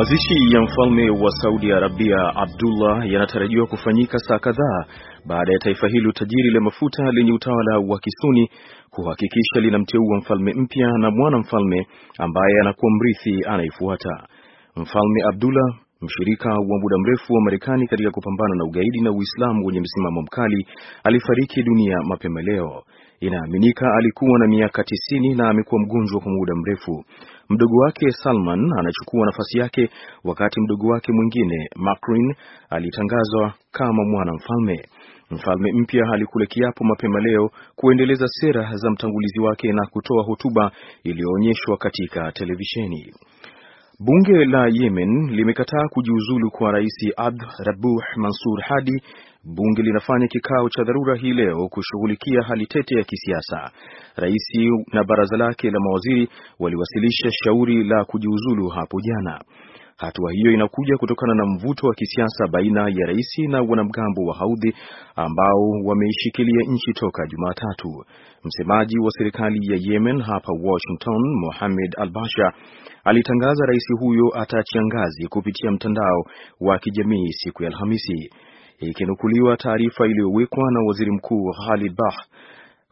Mazishi ya mfalme wa Saudi Arabia Abdullah yanatarajiwa kufanyika saa kadhaa baada ya taifa hilo tajiri la mafuta lenye utawala wa kisuni kuhakikisha linamteua mfalme mpya na mwana mfalme ambaye anakuwa mrithi anayefuata. Mfalme Abdullah, mshirika wa muda mrefu wa Marekani katika kupambana na ugaidi na Uislamu wenye msimamo mkali, alifariki dunia mapema leo. Inaaminika alikuwa na miaka tisini na amekuwa mgonjwa kwa muda mrefu. Mdogo wake Salman anachukua nafasi yake, wakati mdogo wake mwingine Makrin alitangazwa kama mwanamfalme. Mfalme mpya alikula kiapo mapema leo kuendeleza sera za mtangulizi wake na kutoa hotuba iliyoonyeshwa katika televisheni. Bunge la Yemen limekataa kujiuzulu kwa Rais Abd Rabuh Mansur Hadi. Bunge linafanya kikao cha dharura hii leo kushughulikia hali tete ya kisiasa. Rais na baraza lake la mawaziri waliwasilisha shauri la kujiuzulu hapo jana. Hatua hiyo inakuja kutokana na mvuto wa kisiasa baina ya rais na wanamgambo wa Haudhi ambao wameishikilia nchi toka Jumatatu. Msemaji wa serikali ya Yemen hapa Washington, Mohamed Al-Basha alitangaza rais huyo ataachia ngazi kupitia mtandao wa kijamii siku ya Alhamisi, ikinukuliwa taarifa iliyowekwa na waziri mkuu Khalid Bah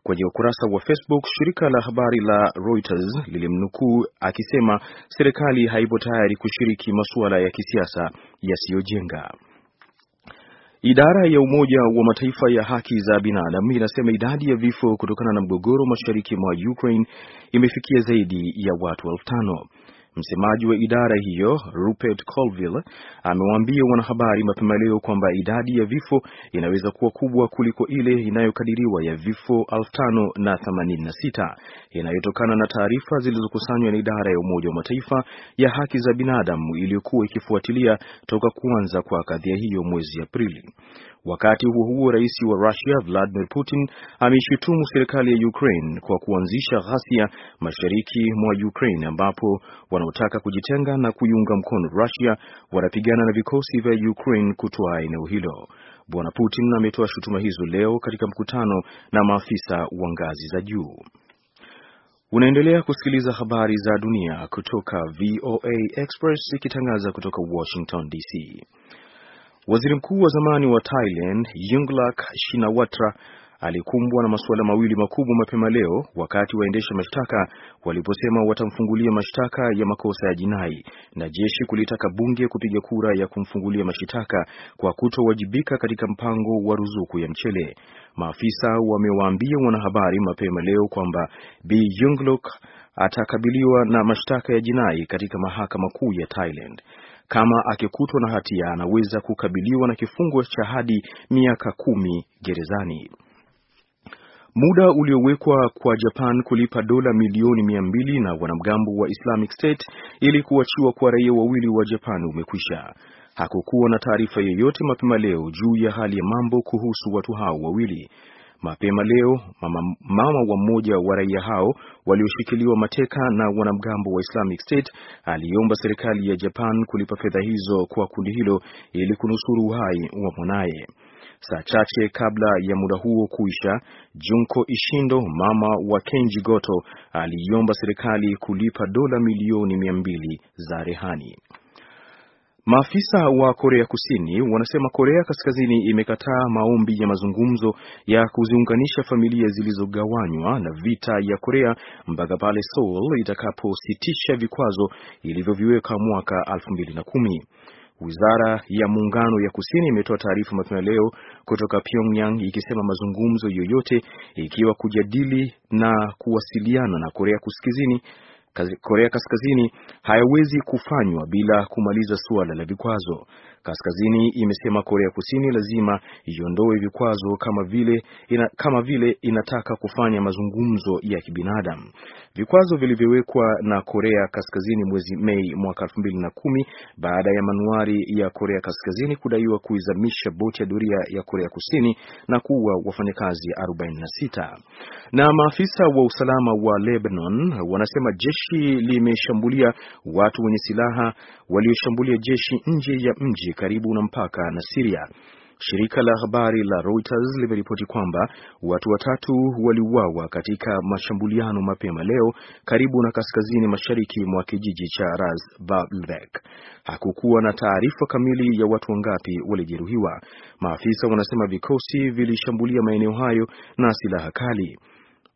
Kwenye ukurasa wa Facebook, shirika la habari la Reuters lilimnukuu akisema serikali haipo tayari kushiriki masuala ya kisiasa yasiyojenga. Idara ya Umoja wa Mataifa ya haki za binadamu inasema idadi ya vifo kutokana na mgogoro mashariki mwa Ukraine imefikia zaidi ya watu elfu tano. Msemaji wa idara hiyo Rupert Colville amewaambia wanahabari mapema leo kwamba idadi ya vifo inaweza kuwa kubwa kuliko ile inayokadiriwa ya vifo 5,086 inayotokana na taarifa zilizokusanywa na idara ya Umoja wa Mataifa ya haki za binadamu iliyokuwa ikifuatilia toka kuanza kwa kadhia hiyo mwezi Aprili. Wakati huo huo, rais wa Russia Vladimir Putin ameishutumu serikali ya Ukraine kwa kuanzisha ghasia mashariki mwa Ukraine, ambapo wanaotaka kujitenga na kuiunga mkono Russia wanapigana na vikosi vya Ukraine kutoa eneo hilo. Bwana Putin ametoa shutuma hizo leo katika mkutano na maafisa wa ngazi za juu. Unaendelea kusikiliza habari za dunia kutoka VOA Express ikitangaza kutoka Washington DC. Waziri mkuu wa zamani wa Thailand Yingluck Shinawatra alikumbwa na masuala mawili makubwa mapema leo wakati waendesha mashtaka waliposema watamfungulia mashtaka ya makosa ya jinai na jeshi kulitaka bunge kupiga kura ya kumfungulia mashitaka kwa kutowajibika katika mpango wa ruzuku ya mchele. Maafisa wamewaambia wanahabari mapema leo kwamba Bi Yingluck atakabiliwa na mashtaka ya jinai katika mahakama kuu ya Thailand. Kama akikutwa na hatia, anaweza kukabiliwa na kifungo cha hadi miaka kumi gerezani. Muda uliowekwa kwa Japan kulipa dola milioni mia mbili na wanamgambo wa Islamic State ili kuachiwa kwa raia wawili wa Japan umekwisha. Hakukuwa na taarifa yoyote mapema leo juu ya hali ya mambo kuhusu watu hao wawili. Mapema leo mama, mama wa mmoja wa raia hao walioshikiliwa mateka na wanamgambo wa Islamic State aliomba serikali ya Japan kulipa fedha hizo kwa kundi hilo ili kunusuru uhai wa mwanaye. Saa chache kabla ya muda huo kuisha, Junko Ishindo, mama wa Kenji Goto, aliiomba serikali kulipa dola milioni mia mbili za rehani. Maafisa wa Korea Kusini wanasema Korea Kaskazini imekataa maombi ya mazungumzo ya kuziunganisha familia zilizogawanywa na vita ya Korea mpaka pale Seoul itakapositisha vikwazo ilivyoviweka mwaka 2010. Wizara ya Muungano ya Kusini imetoa taarifa mapema leo kutoka Pyongyang ikisema mazungumzo yoyote ikiwa kujadili na kuwasiliana na Korea Kaskazini Korea Kaskazini hayawezi kufanywa bila kumaliza suala la vikwazo. Kaskazini imesema Korea Kusini lazima iondoe vikwazo kama vile, ina, kama vile inataka kufanya mazungumzo ya kibinadamu. Vikwazo vilivyowekwa na Korea Kaskazini mwezi Mei mwaka kumi baada ya manuari ya Korea Kaskazini kudaiwa kuizamisha boti ya doria ya Korea Kusini na kuua wafanyakazi 46. Na maafisa wa usalama wa Lebanon wanasema jeshi limeshambulia watu wenye silaha walioshambulia jeshi nje ya mji karibu na mpaka na siria Shirika la habari la Reuters limeripoti kwamba watu watatu waliuawa katika mashambuliano mapema leo karibu na kaskazini mashariki mwa kijiji cha Ras Baalbek. Hakukuwa na taarifa kamili ya watu wangapi walijeruhiwa. Maafisa wanasema vikosi vilishambulia maeneo hayo na silaha kali.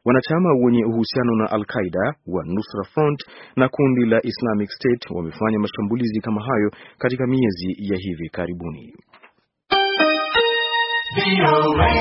Wanachama wenye uhusiano na al qaeda wa Nusra Front na kundi la Islamic State wamefanya mashambulizi kama hayo katika miezi ya hivi karibuni. VOA.